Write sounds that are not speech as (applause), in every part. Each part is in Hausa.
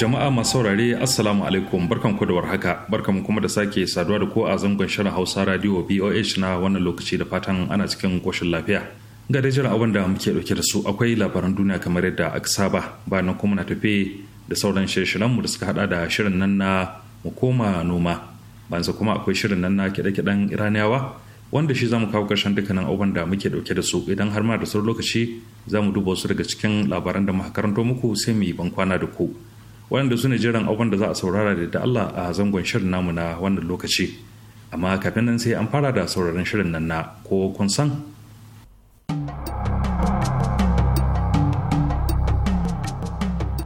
jama'a masu saurare assalamu alaikum barkan ku da warhaka barkan kuma da sake saduwa da ko a zangon shirin hausa radio boh na wannan lokaci da fatan ana cikin koshin lafiya ga dai jiran abin da muke dauke da su akwai labaran duniya kamar yadda aka saba bayan kuma na tafi da sauran shirye mu da suka hada da shirin nan na mu koma noma bayan kuma akwai shirin nan na kiɗe-kiɗen iraniyawa wanda shi zamu kawo karshen dukkanin abubuwan da muke dauke da su idan har ma da sauran lokaci zamu duba wasu daga cikin labaran da muka karanto muku sai mu yi bankwana da ku waɗanda su ne jiran abin da za a saurara da Allah a zangon shirin namu na wannan lokaci amma kafin nan sai an fara da sauraron shirin nan na ko kun san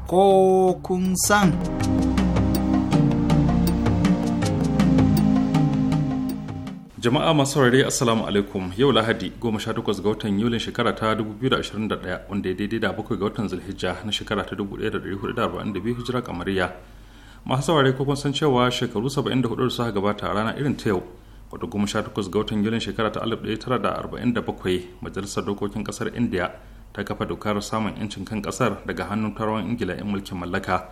ko kun san jama'a masu saurare assalamu alaikum yau lahadi 18 ga watan yulin shekara ta 2021 wanda ya daidai da bakwai ga watan zulhijja na shekara ta 1442 hijira kamariya masu saurare ko kun san cewa shekaru 74 da suka gabata rana irin ta yau wato 18 ga watan yulin shekara ta 1947 majalisar dokokin kasar india ta kafa dokar samun yancin kan kasar daga hannun turawan ingila 'yan mulkin mallaka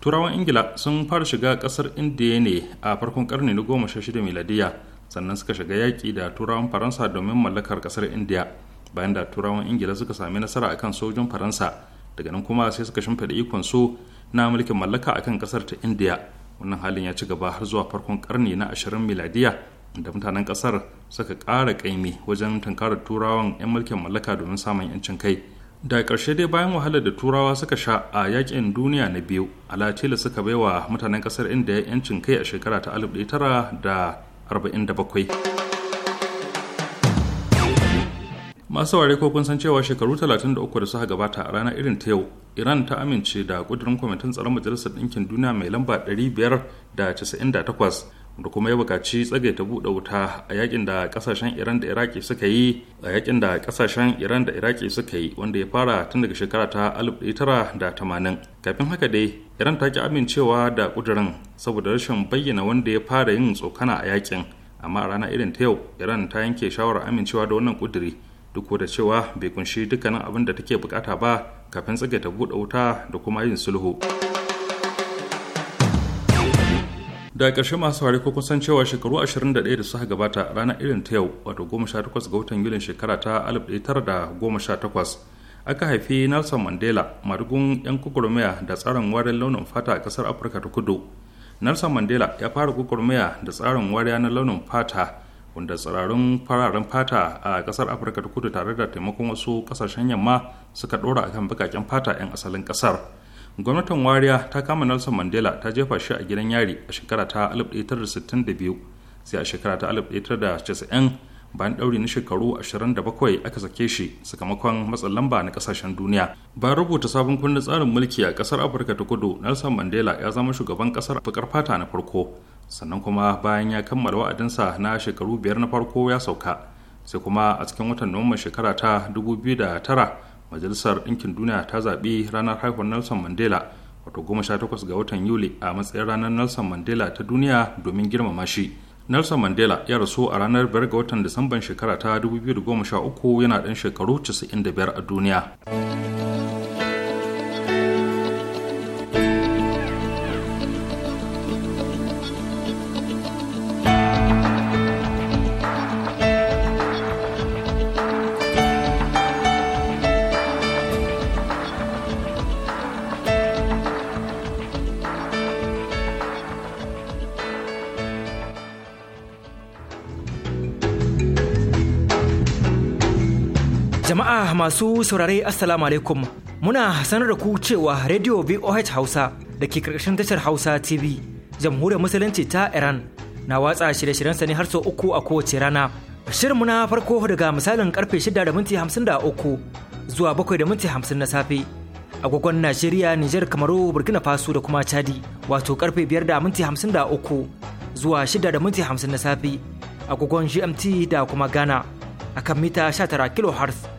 turawan ingila sun fara shiga kasar indiya ne a farkon karni na 16 miladiya sannan suka shiga yaƙi da turawan faransa domin mallakar kasar indiya bayan da turawan ingila suka sami nasara akan sojin faransa daga nan kuma sai suka shimfida ikon su na mulkin mallaka a kan kasar ta indiya wannan halin ya ci gaba har zuwa farkon karni na ashirin miladiya da mutanen kasar suka kara ƙaimi wajen tunkarar turawan 'yan mulkin mallaka domin samun 'yancin kai da karshe dai bayan wahalar da turawa suka sha a yakin duniya na biyu alatila suka baiwa mutanen ƙasar indiya 'yancin kai a shekara ta da. 47 masu ware ko kun san cewa shekaru 33 da suka gabata a ranar irin ta yau iran ta amince da kudurin kwamitin tsaron majalisar ɗinkin duniya mai lamba 598 da kuma ya bukaci tsage ta buɗe wuta a yakin da kasashen iran da iraki suka yi a yakin da kasashen iran da iraki suka yi wanda ya fara tun daga shekara ta da 1980 kafin haka dai iran ta ki amincewa da ƙudurin saboda rashin bayyana wanda ya fara yin tsokana a yakin amma a rana irin ta yau iran ta yanke shawarar amincewa da wannan kuduri duk da cewa bai kunshi dukkanin abin da take bukata ba kafin tsage ta buɗe wuta da kuma yin sulhu. daga ƙarshe masu saurari ko kusan cewa shekaru 21 da suka gabata ranar irin ta yau wato 18 ga watan yulin shekara ta 1918 aka haifi nelson mandela madugun 'yan kukurmiya da tsarin warin launin fata a ƙasar afirka ta kudu nelson mandela ya fara kukurmiya da tsarin wariya na launin fata wanda tsirarun fararen fata a ƙasar afirka ta kudu tare da taimakon wasu ƙasashen yamma suka ɗora akan bakaken fata 'yan asalin ƙasar gwamnatin wariya ta kama nelson mandela ta jefa shi a gidan yari a shekara ta 1962 sai a shekara ta 1990 bayan ɗauri na shekaru 27 aka sake shi sakamakon matsin lamba na ƙasashen duniya bayan rubuta sabon kundin tsarin mulki a ƙasar afirka ta kudu nelson mandela ya zama shugaban ƙasar bakar fata na farko sannan kuma bayan ya kammala wa'adinsa na shekaru biyar na farko ya sauka sai kuma a cikin watan nuwamban shekara ta 2009 majalisar ɗinkin duniya ta zaɓi ranar haifar nelson mandela wato 18 ga watan yuli a matsayin ranar nelson mandela ta duniya domin girmama shi nelson mandela ya rasu a ranar biyar ga watan disamban shekara ta 2013 yana ɗan shekaru 95 a duniya. Masu saurare Assalamu alaikum muna sanar da ku cewa Radio VOH Hausa da ke karkashin tashar Hausa TV jamhuriyar musulunci ta Iran na watsa shirye-shiryen Sani har sau uku a kowace rana. Shirinmu na farko daga misalin karfe 6 da minti uku zuwa bakwai da minti hamsin na safe. Agogon Najeriya, Nijar, Kamaru, Burkina Faso da kuma Chadi wato karfe biyar da minti uku zuwa 6 da minti hamsin na safe. Agogon GMT da kuma Ghana akan mita 19 kHz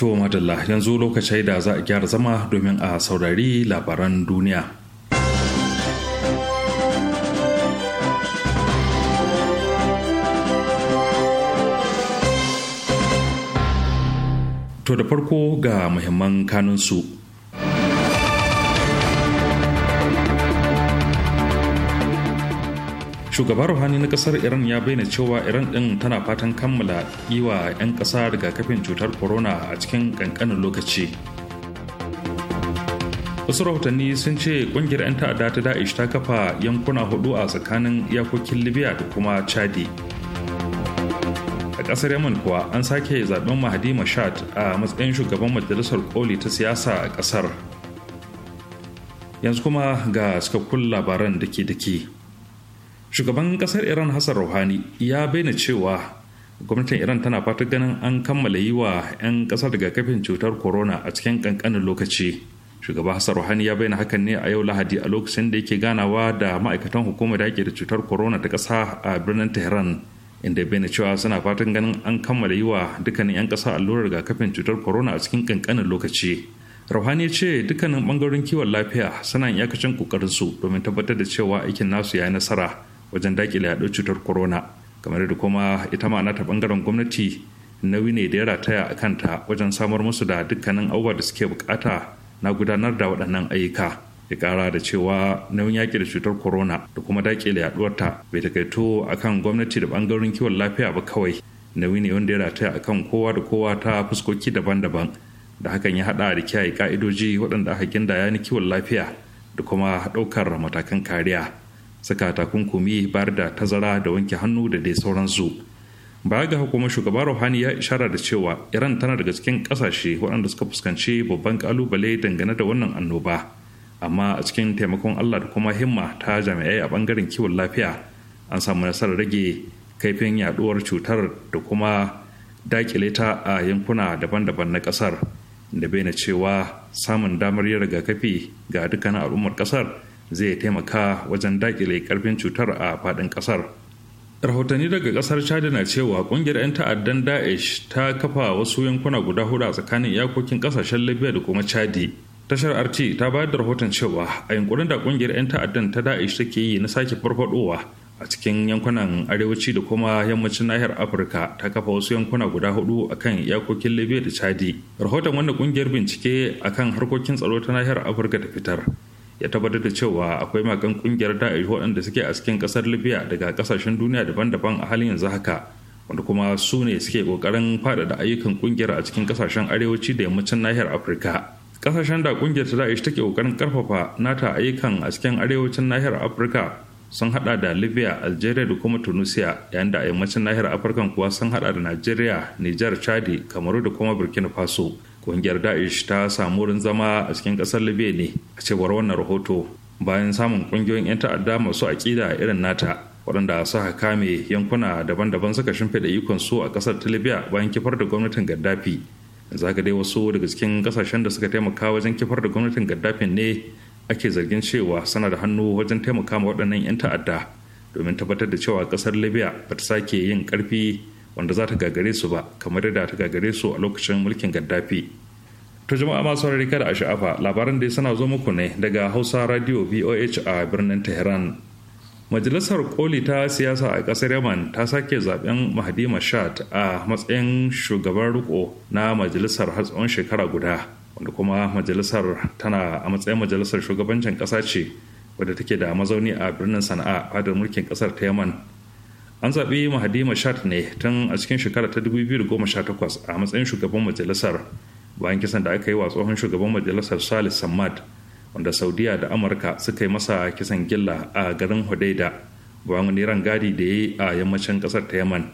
To madalla yanzu lokacin da za a gyara zama domin a saurari labaran duniya. To da farko ga muhimman kanunsu. shugaban ruhani na kasar iran ya bayyana cewa iran din tana fatan kammala yi wa 'yan kasa kafin cutar corona a cikin kankanin lokaci wasu rahotanni sun ce kungiyar 'yan ta'adda ta da'ish ta kafa yankuna hudu a tsakanin iyakokin libya da kuma chadi a kasar yaman kuwa an sake zaben mahadi mashat a matsayin shugaban majalisar koli ta siyasa a kasar yanzu kuma ga kula labaran dake-dake shugaban kasar iran hassan rouhani ya bayyana cewa gwamnatin iran tana fatan ganin an kammala yi wa 'yan kasar kafin cutar corona a cikin kankanin lokaci shugaba hassan rouhani ya bayyana hakan ne a yau lahadi a lokacin da yake ganawa da ma'aikatan hukumar ke da cutar corona ta kasa a birnin tehran inda bayyana cewa suna fatan ganin an kammala yi wa dukkanin 'yan kasa allurar rigakafin cutar corona a cikin kankanin lokaci rauhani ya ce dukkanin bangarorin kiwon lafiya suna yakacin kokarin su domin tabbatar da cewa aikin nasu ya yi nasara wajen dakile yaɗo cutar corona kamar da kuma ita ma'ana ta bangaren gwamnati nauyi ne da ya rataya a kanta wajen samar musu da dukkanin abubuwa da suke bukata na gudanar da waɗannan ayyuka ya kara da cewa nauyin yaƙi da cutar corona da kuma dakile yaɗuwarta bai takaito kan gwamnati da bangaren kiwon lafiya ba kawai nauyi ne wanda ya rataya a kan kowa da kowa ta fuskoki daban-daban da hakan ya haɗa da kiyaye ka'idoji waɗanda aka gindaya na kiwon lafiya da kuma ɗaukar matakan kariya saka takunkumi bayar da tazara da wanke hannu da dai sauransu baya ga hukumar shugaban ruhani ya ishara da cewa iran tana daga cikin kasashe waɗanda suka fuskanci babban kalubale dangane da wannan annoba amma a cikin taimakon allah da kuma himma ta jami'ai a bangaren kiwon lafiya an samu nasarar rage kaifin yaduwar cutar da kuma dakile ta a yankuna daban-daban na kasar da na cewa samun damar yin rigakafi ga dukkanin al'ummar kasar zai taimaka wajen dakile karfin cutar a faɗin ƙasar rahotanni daga ƙasar chad na cewa ƙungiyar 'yan ta'addan daesh ta kafa wasu yankuna guda hudu a tsakanin iyakokin kasashen libya da kuma chadi tashar rt ta bayar da rahoton cewa a yankunan da ƙungiyar 'yan ta'addan ta daesh take yi na sake farfadowa a cikin yankunan arewaci da kuma yammacin nahiyar afirka ta kafa wasu yankuna guda hudu akan iyakokin libya da chadi rahoton wannan kungiyar bincike akan harkokin tsaro ta nahiyar afirka ta fitar ya tabbatar da cewa akwai makan kungiyar da'ish waɗanda suke a cikin ƙasar libya daga ƙasashen duniya daban-daban a halin yanzu haka wanda kuma su ne suke ƙoƙarin faɗaɗa ayyukan kungiyar a cikin ƙasashen arewaci da yammacin nahiyar afirka ƙasashen da kungiyar ta da'ish take ƙoƙarin ƙarfafa nata ayyukan a cikin arewacin nahiyar afirka sun hada da libya algeria da kuma tunisia yayin da a yammacin nahiyar afirka kuwa sun hada da nigeria niger chadi kamaru da kuma burkina faso kungiyar da'ish ta samu wurin zama a cikin kasar libya ne a cewar wannan rahoto bayan samun kungiyoyin 'yan ta'adda masu aƙida irin nata waɗanda suka kame yankuna daban-daban suka shimfiɗa ikon su a ƙasar ta libya bayan kifar da gwamnatin gaddafi zaka dai wasu daga cikin ƙasashen da suka taimaka wajen kifar da gwamnatin gaddafi ne ake zargin cewa sana da hannu wajen taimaka ma waɗannan 'yan ta'adda domin tabbatar da cewa ƙasar libya ba ta sake yin ƙarfi wanda za ta gagare su ba kamar yadda ta gagare su a lokacin mulkin gaddafi to jama'a masu rarrika da asha'afa labaran da suna zo muku ne daga hausa radio voh a birnin tehran majalisar koli ta siyasa a kasar yaman ta sake zaben mahdi mashat a matsayin shugaban riko na majalisar har tsawon shekara guda wanda kuma majalisar tana a matsayin majalisar shugabancin kasa ce wadda take da mazauni a birnin sana'a fadar mulkin kasar ta yaman an zaɓi mahadi mashat ne tun a cikin shekara ta 2018 a matsayin shugaban majalisar bayan kisan da aka yi wa tsohon shugaban majalisar salis samad wanda saudiya da amurka suka yi masa kisan gilla a garin hudaida bayan wani rangadi da ya yi a yammacin kasar ta yaman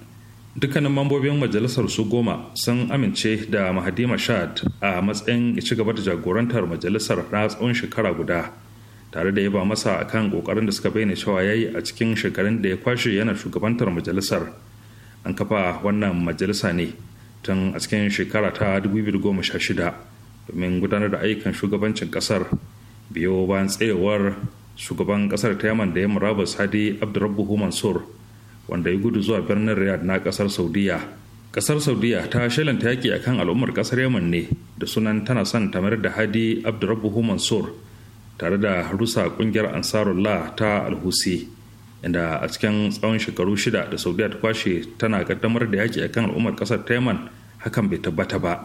dukkanin mambobin majalisar su goma sun amince da mahadi mashat a matsayin ci gaba da jagorantar majalisar na tsawon shekara guda tare da yaba masa a kan kokarin da suka bayyana cewa ya yi a cikin shekarun da ya kwashe yana shugabantar majalisar an kafa wannan majalisa ne tun a cikin shekara ta 2016 domin gudanar da ayyukan shugabancin kasar biyo bayan tsayewar shugaban kasar ta yaman da ya murabus hadi abdurrabbuhu mansur wanda ya gudu zuwa birnin riyadh na kasar saudiya kasar saudiya ta shalanta yaki akan al'ummar kasar yaman ne da sunan tana son tamar da hadi abdurrabbuhu mansur tare da rusa kungiyar ansarullah ta alhusi inda a cikin tsawon shekaru shida da saudiya ta kwashe tana kaddamar da yaki kan al'ummar kasar taiman hakan bai tabbata ba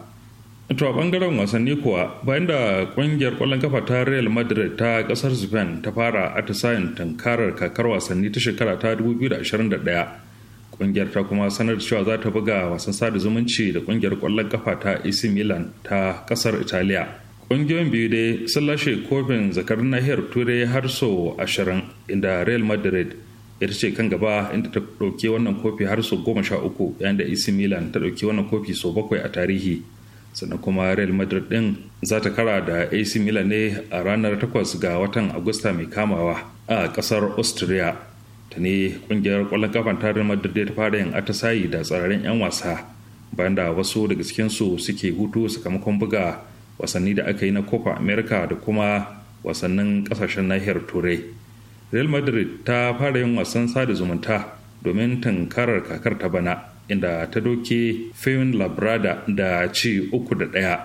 to a bangaren wasanni kuwa bayan da kungiyar kwallon kafa ta real madrid ta kasar spain ta fara atisayen tankarar kakar wasanni ta shekara ta 2021 kungiyar ta kuma sanar da cewa za ta buga wasan sada zumunci da kungiyar kwallon kafa ta ac milan ta kasar italiya ƙungiyoyin biyu dai sun lashe kofin zakarun nahiyar turai har sau ashirin inda real madrid ita ce kan gaba inda ta ɗauki wannan kofi har sau goma sha uku yayin da ac milan ta ɗauki wannan kofi sau bakwai a tarihi sannan kuma real madrid ɗin za ta kara da ac milan ne a ranar takwas ga watan agusta mai kamawa a ƙasar austria ta ne ƙungiyar ƙwallon kafan tarin real madrid ta fara yin atasayi da tsararin 'yan wasa bayan da wasu daga cikinsu suke hutu sakamakon buga wasanni da aka yi na copa america da kuma wasannin kasashen nahiyar turai real madrid ta fara yin wasan sada zumunta domin tankarar kakar ta bana inda ta doke fayin labrada da ci uku da ɗaya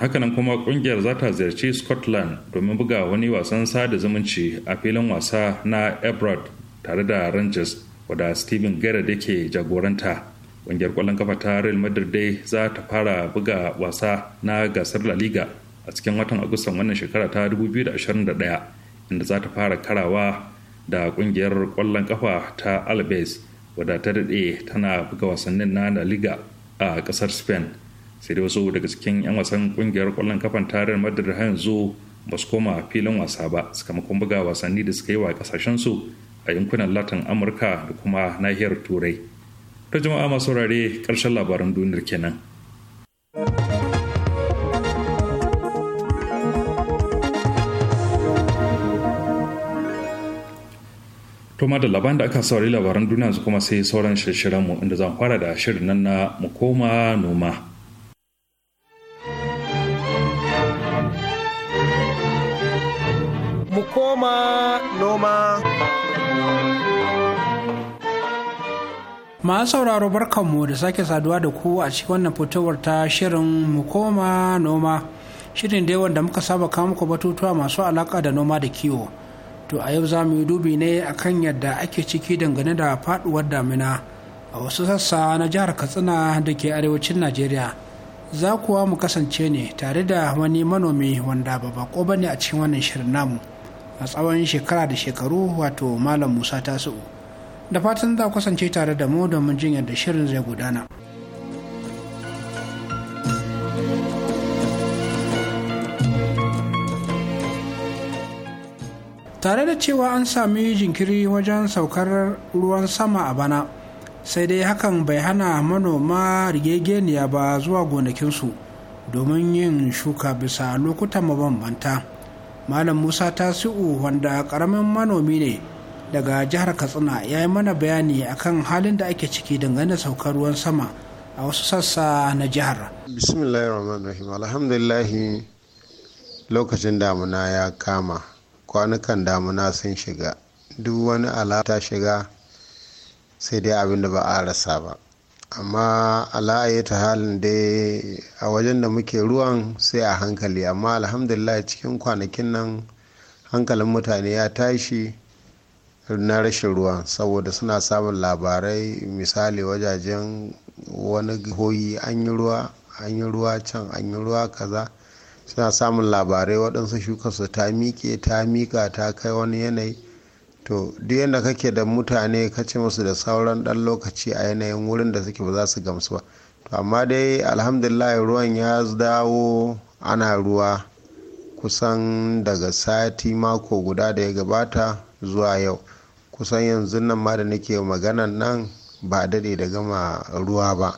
hakanan kuma kungiyar za ta ziyarci scotland domin buga wani wasan sada zumunci a filin wasa na Ebrod tare da rangers wada steven gerrard yake jagoranta ƙungiyar kwallon kafa ta real madrid dai za ta fara buga wasa na gasar la liga a cikin watan agustan wannan shekara ta 2021 inda za ta fara karawa da ƙungiyar kwallon kafa ta albes wadda ta daɗe tana buga wasannin na la liga a kasar spain sai dai wasu daga cikin 'yan wasan ƙungiyar kwallon kafan ta real madrid har yanzu ba su koma filin wasa ba sakamakon buga wasanni da suka yi wa kasashensu a yankunan latin amurka da kuma nahiyar turai ta jama'a masu saurare ƙarshen labaran duniyar kenan. Toma da labaran da aka saurari labaran duniya su kuma sai sauran shirshiranmu inda zan fara da shirin nan na mu koma noma. Mu koma noma. masu sauraro barkanmu da sake saduwa da ku a cikin wannan fitowar ta shirin mu koma noma shirin yawan wanda muka saba kawo muku batutuwa masu alaka da noma da kiwo to a yau za mu yi dubi ne akan yadda ake ciki dangane da faduwar damina a wasu sassa na jihar katsina da ke arewacin najeriya za kuwa mu kasance ne tare da wani manomi wanda ba bako bane a cikin wannan shirin namu a tsawon shekara da shekaru wato malam musa tasu'u da fatan za kasance tare da mu domin jin yadda shirin zai gudana. tare da cewa an sami jinkiri wajen saukar ruwan sama a bana sai dai hakan bai hana manoma rigegeniya ba zuwa gonakinsu domin yin shuka bisa lokuta mabambanta malam musa tasi'u wanda karamin manomi ne daga jihar katsina ya yi mana bayani akan halin da ake ciki dangane da saukar ruwan sama a wasu sassa na jihar bismillahirrahmanirrahim alhamdulillahi lokacin damuna ya kama kwanukan damuna sun shiga duk wani alata shiga sai dai abin da ba a rasa ba amma ta halin dai a wajen da muke ruwan sai a hankali amma alhamdulillah cikin kwanakin nan hankalin mutane ya tashi na rashin ruwa saboda suna samun labarai misali wajajen wani hoyi an yi ruwa an yi ruwa can an yi ruwa kaza suna samun labarai waɗansu shukarsu ta miƙe ta miƙa ta kai wani yanayi to duk yadda kake da mutane ka ce musu da sauran ɗan lokaci a yanayin wurin da suke ba za su gamsu ba to amma dai alhamdulillah ruwan ya dawo ana ruwa kusan daga sati mako guda da ya gabata zuwa yau kusan yanzu nan ma da nake maganan nan ba dade da gama ruwa ba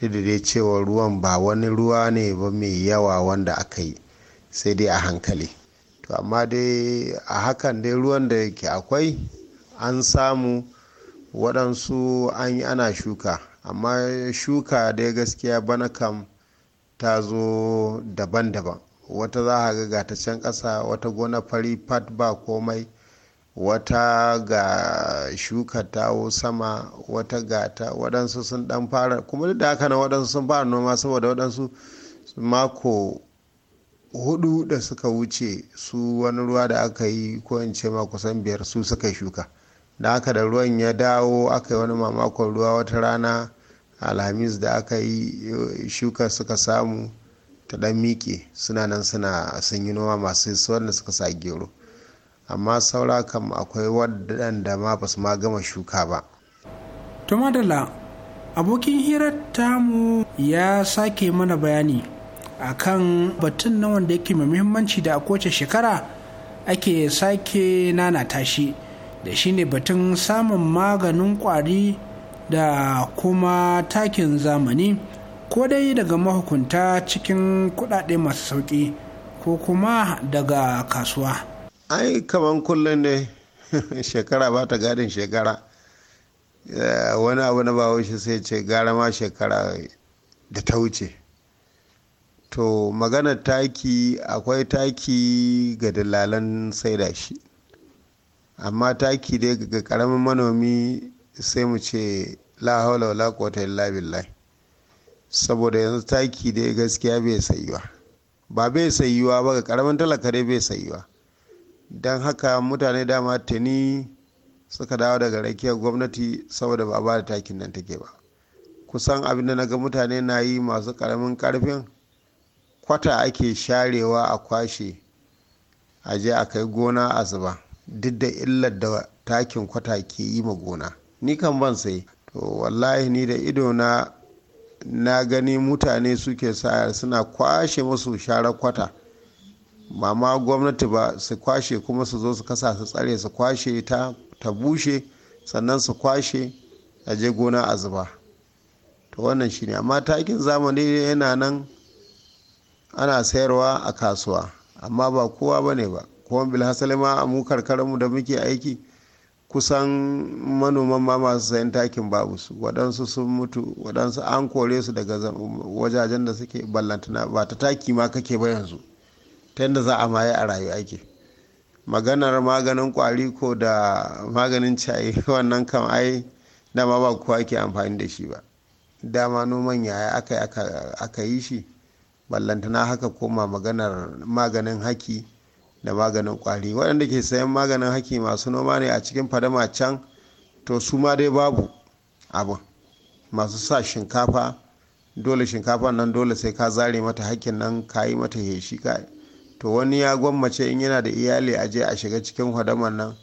duk dai cewa ruwan ba wani ruwa ne ba mai yawa wanda aka yi sai dai a hankali to amma dai a hakan dai ruwan da yake akwai an samu waɗansu an yi ana shuka amma shuka dai gaskiya bana kam ta zo daban-daban wata za a ga ta can ƙasa wata gona fari fat ba komai wata ga shuka tawo sama wata gata waɗansu sun ɗan fara kuma duk da haka na waɗansu sun fara noma saboda waɗansu mako hudu da suka wuce su wani ruwa da aka yi ko in ce ma kusan biyar su suka shuka da haka da ruwan ya dawo aka yi wani mamakon ruwa wata rana alhamis da aka yi shuka suka samu ta dan miƙe suna nan suna sun yi noma masu wanda suka sa gero amma saura kam akwai waɗanda ma ba su gama shuka ba to abokin hirar tamu ya sake mana bayani a kan batun na wanda yake mai muhimmanci da a kowace shekara ake sake nana tashi da shi ne batun samun maganin kwari da kuma takin zamani ko dai daga mahukunta cikin kudade masu sauki ko kuma daga kasuwa ai kamar kullum ne (laughs) shekara ba ta gadin shekara eh, wani abu na bawo shi sai ce gara ma shekara da ta wuce to magana taki akwai taki ga dalalan saida shi amma taki dai ga karamin manomi sai mu ce la haula wala quwwata illa billah saboda yanzu taki dai gaskiya bai sayuwa ba bai sayuwa ba ga karamin talaka dai bai sayuwa don haka mutane dama tuni suka dawo daga rakiyar gwamnati saboda ba ba da takin nan take ba kusan abinda na ga mutane na yi masu karamin karfin kwata ake sharewa a kwashe a je a kai gona a zuba duk da illar da takin kwata ke yi ma gona ni kan ban sai to wallahi ni da ido na na gani mutane suke sa suna kwashe musu sharar kwata ba ma gwamnati ba su kwashe kuma su zo su kasa su tsare su kwashe ta ta bushe sannan su kwashe a je gona a zuba to wannan shine amma takin zamani yana nan ana sayarwa a kasuwa amma ba kowa ba ne ba kuma bilhassali ma a mu karkararmu da muke aiki kusan manoman ma masu sayan takin babu su waɗansu sun mutu waɗansu an kore su daga wajajen da suke ballantana ba ta taki ma kake ba yanzu ta yadda za a maye a rayu ake maganar maganin kwari ko da maganin cai (laughs) wannan kan ai dama ba kowa ke amfani da shi ba dama noman yaya aka yi shi ballantana haka koma maganar maganin haki da maganin kwari waɗanda ke sayan maganin haki masu noma ne a cikin fadama can to su ma dai babu abu masu sa shinkafa dole shinkafa nan dole sai ka zare mata hakkin nan ka yi mata heshi ka to wani ya gwammace in yana da iyali a je a shiga cikin hadaman nan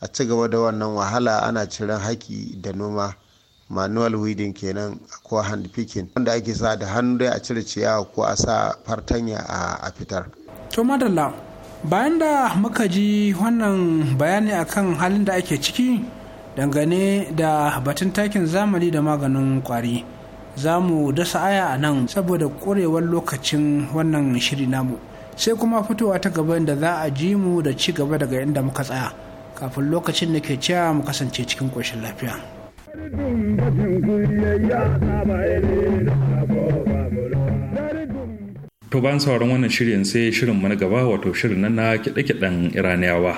a ci gaba da wannan wahala ana ciran haki da noma manual weeding kenan ko hand picking wanda ake sa da hannu dai a cire ciyawa ko a sa fartanya a fitar to madalla bayan da muka ji wannan bayani akan halin da ake ciki dangane da batun takin zamani da maganin kwari za mu dasa aya a nan saboda korewar lokacin wannan shiri namu sai kuma fitowa ta gaban da za a ji mu da ci gaba daga inda muka tsaya kafin lokacin da ke cewa mu kasance cikin ƙoshin lafiya. To ban sauran wannan shirin sai shirin mana gaba wato shirin nan na kiɗe-kiɗen Iraniyawa.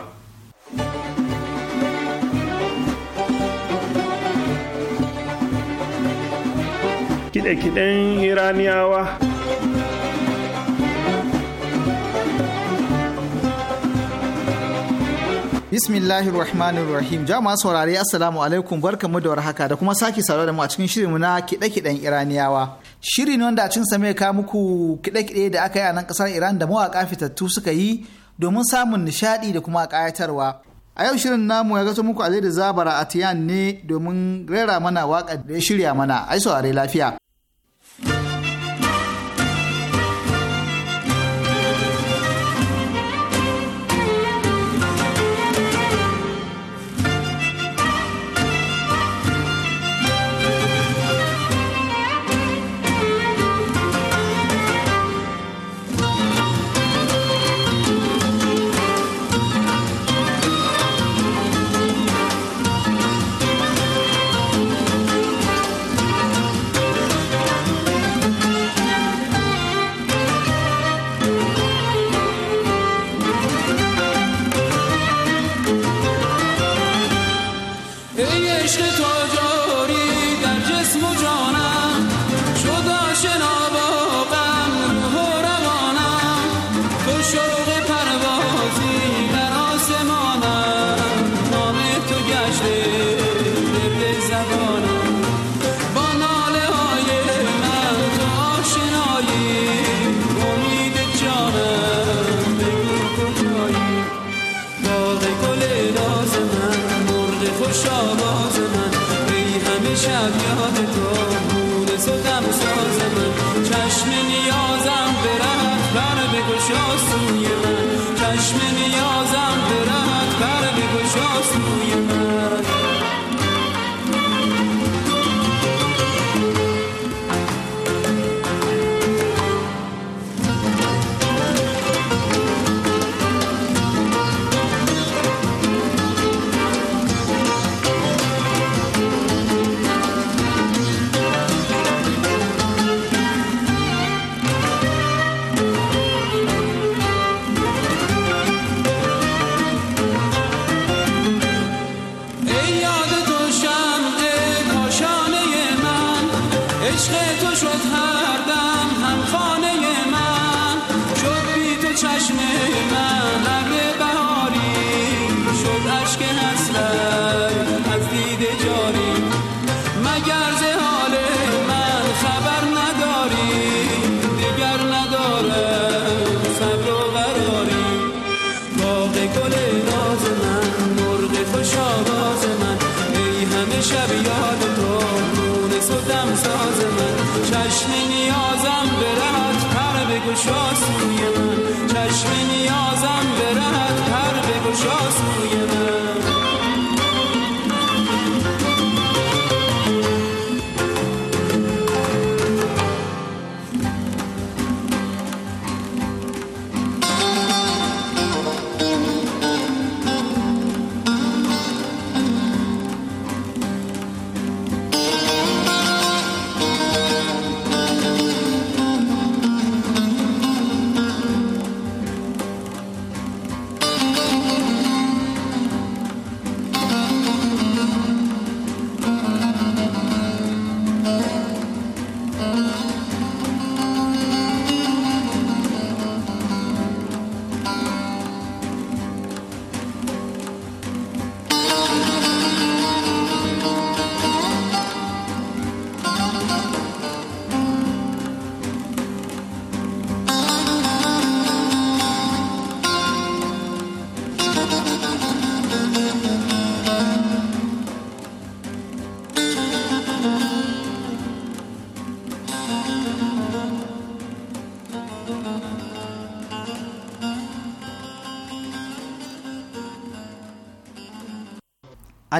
Kiɗe-kiɗen Iraniyawa. Bismillahir Rahmanir Rahim. Jama'a saurare Assalamu alaikum barka mu da warhaka da kuma sake saurare da mu a cikin mu na kiɗe-kiɗen Iraniyawa. Shirin ne wanda a cikin same ka muku kiɗe-kiɗe da aka yi a nan kasar Iran da mawaka fitattu suka yi domin samun nishadi da kuma kayatarwa. A yau shirin namu ya gato muku da Zabara Atiyan ne domin rera mana wakar da ya shirya mana. Ai saurari lafiya. ich rede durch was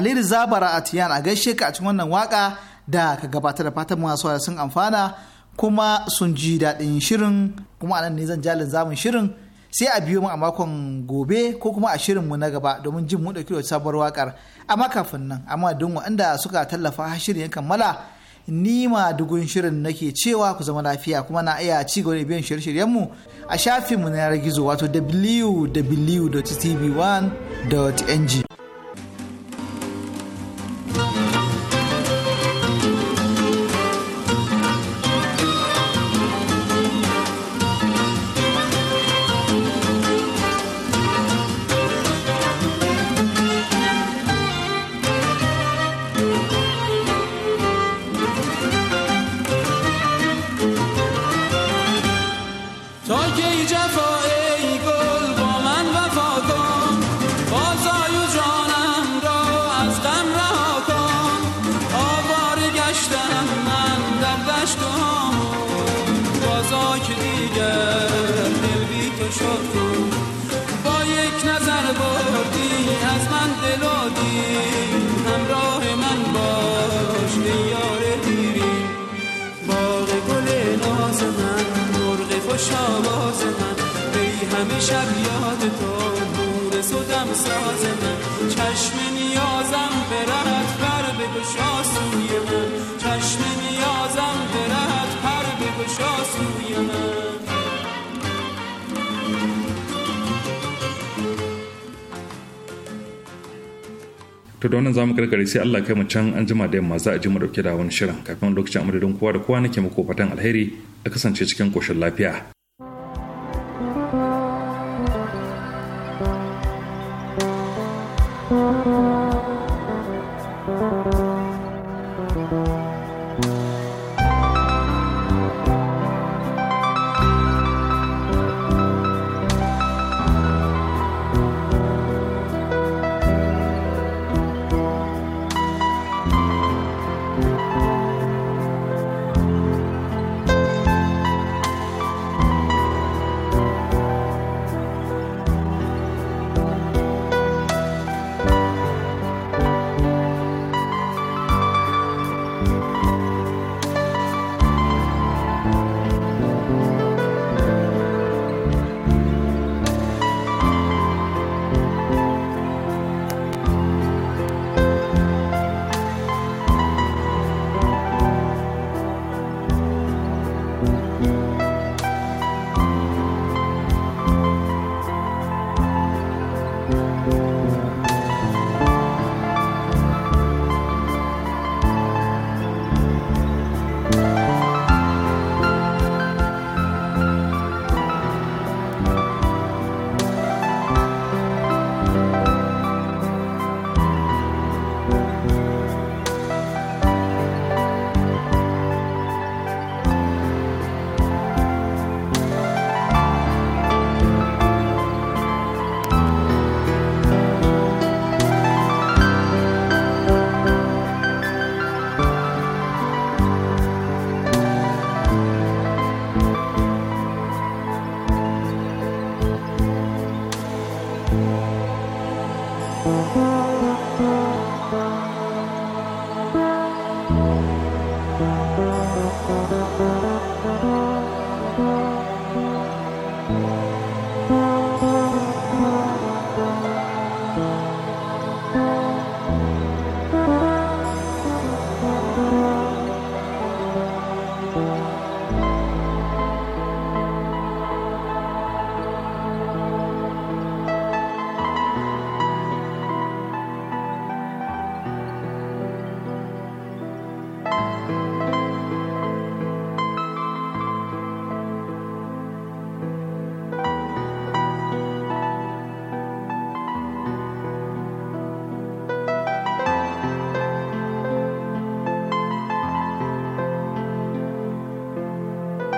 zabara a tiyan a gaishe ka a cikin wannan waka da ka gabata da fatan masu sun amfana kuma sun ji daɗin shirin kuma anan ne zan jalin zamun shirin sai a biyo mu a makon gobe ko kuma a mu na gaba domin jin mu dauki wata sabuwar wakar amma kafin nan amma don waɗanda suka tallafa har shirin ya kammala ni ma dugun shirin nake cewa ku zama lafiya kuma na iya ci gaba da biyan shirye-shiryen mu a shafin mu na yanar gizo wato www.tv1.ng شب یاد تو دور سودم ساز من چشم نیازم برهت پر گشا سوی من چشم نیازم برهت پر گشا سوی من to da wannan zamu karkare sai Allah kai mu can an jima da yamma za a ji mu dauke da wani shirin kafin lokacin amadadin kowa da kowa nake muku fatan alheri a kasance cikin koshin lafiya